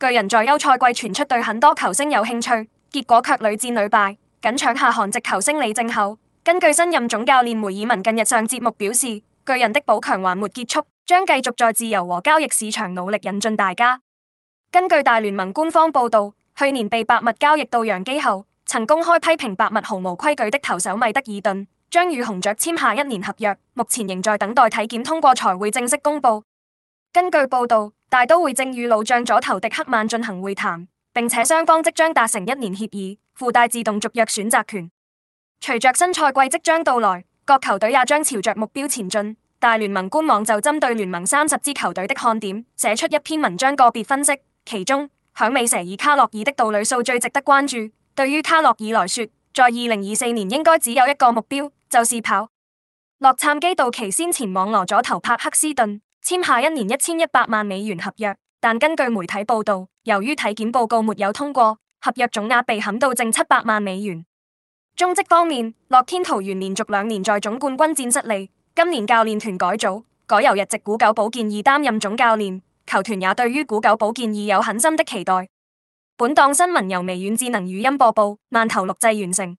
巨人在休賽季傳出對很多球星有興趣，結果卻屢戰屢敗，僅搶下韓籍球星李正后。根據新任總教練梅爾文近日上節目表示，巨人的補強還沒結束，將繼續在自由和交易市場努力引進大家。根據大聯盟官方報道，去年被白襪交易到洋基後，曾公開批評白襪毫無規矩的投手米德爾頓，將與紅雀簽下一年合約，目前仍在等待體檢通過才會正式公布。根據報道，大都會正與老將左投迪克曼進行會談，並且雙方即將達成一年協議，附帶自動續約選擇權。隨着新賽季即將到來，各球隊也將朝着目標前進。大聯盟官網就針對聯盟三十支球隊的看點寫出一篇文章，個別分析。其中，響尾蛇以卡洛爾的盜壘數最值得關注。對於卡洛爾來說，在二零二四年應該只有一個目標，就是跑。洛杉磯道奇先前往羅左投帕克斯頓。簽下一年一千一百萬美元合約，但根據媒體報道，由於體檢報告沒有通過，合約總額被砍到剩七百萬美元。中職方面，樂天桃園連續兩年在總冠軍戰失利，今年教練團改組，改由日籍古久保健二擔任總教練，球團也對於古久保健二有很深的期待。本檔新聞由微軟智能語音播報，慢頭錄製完成。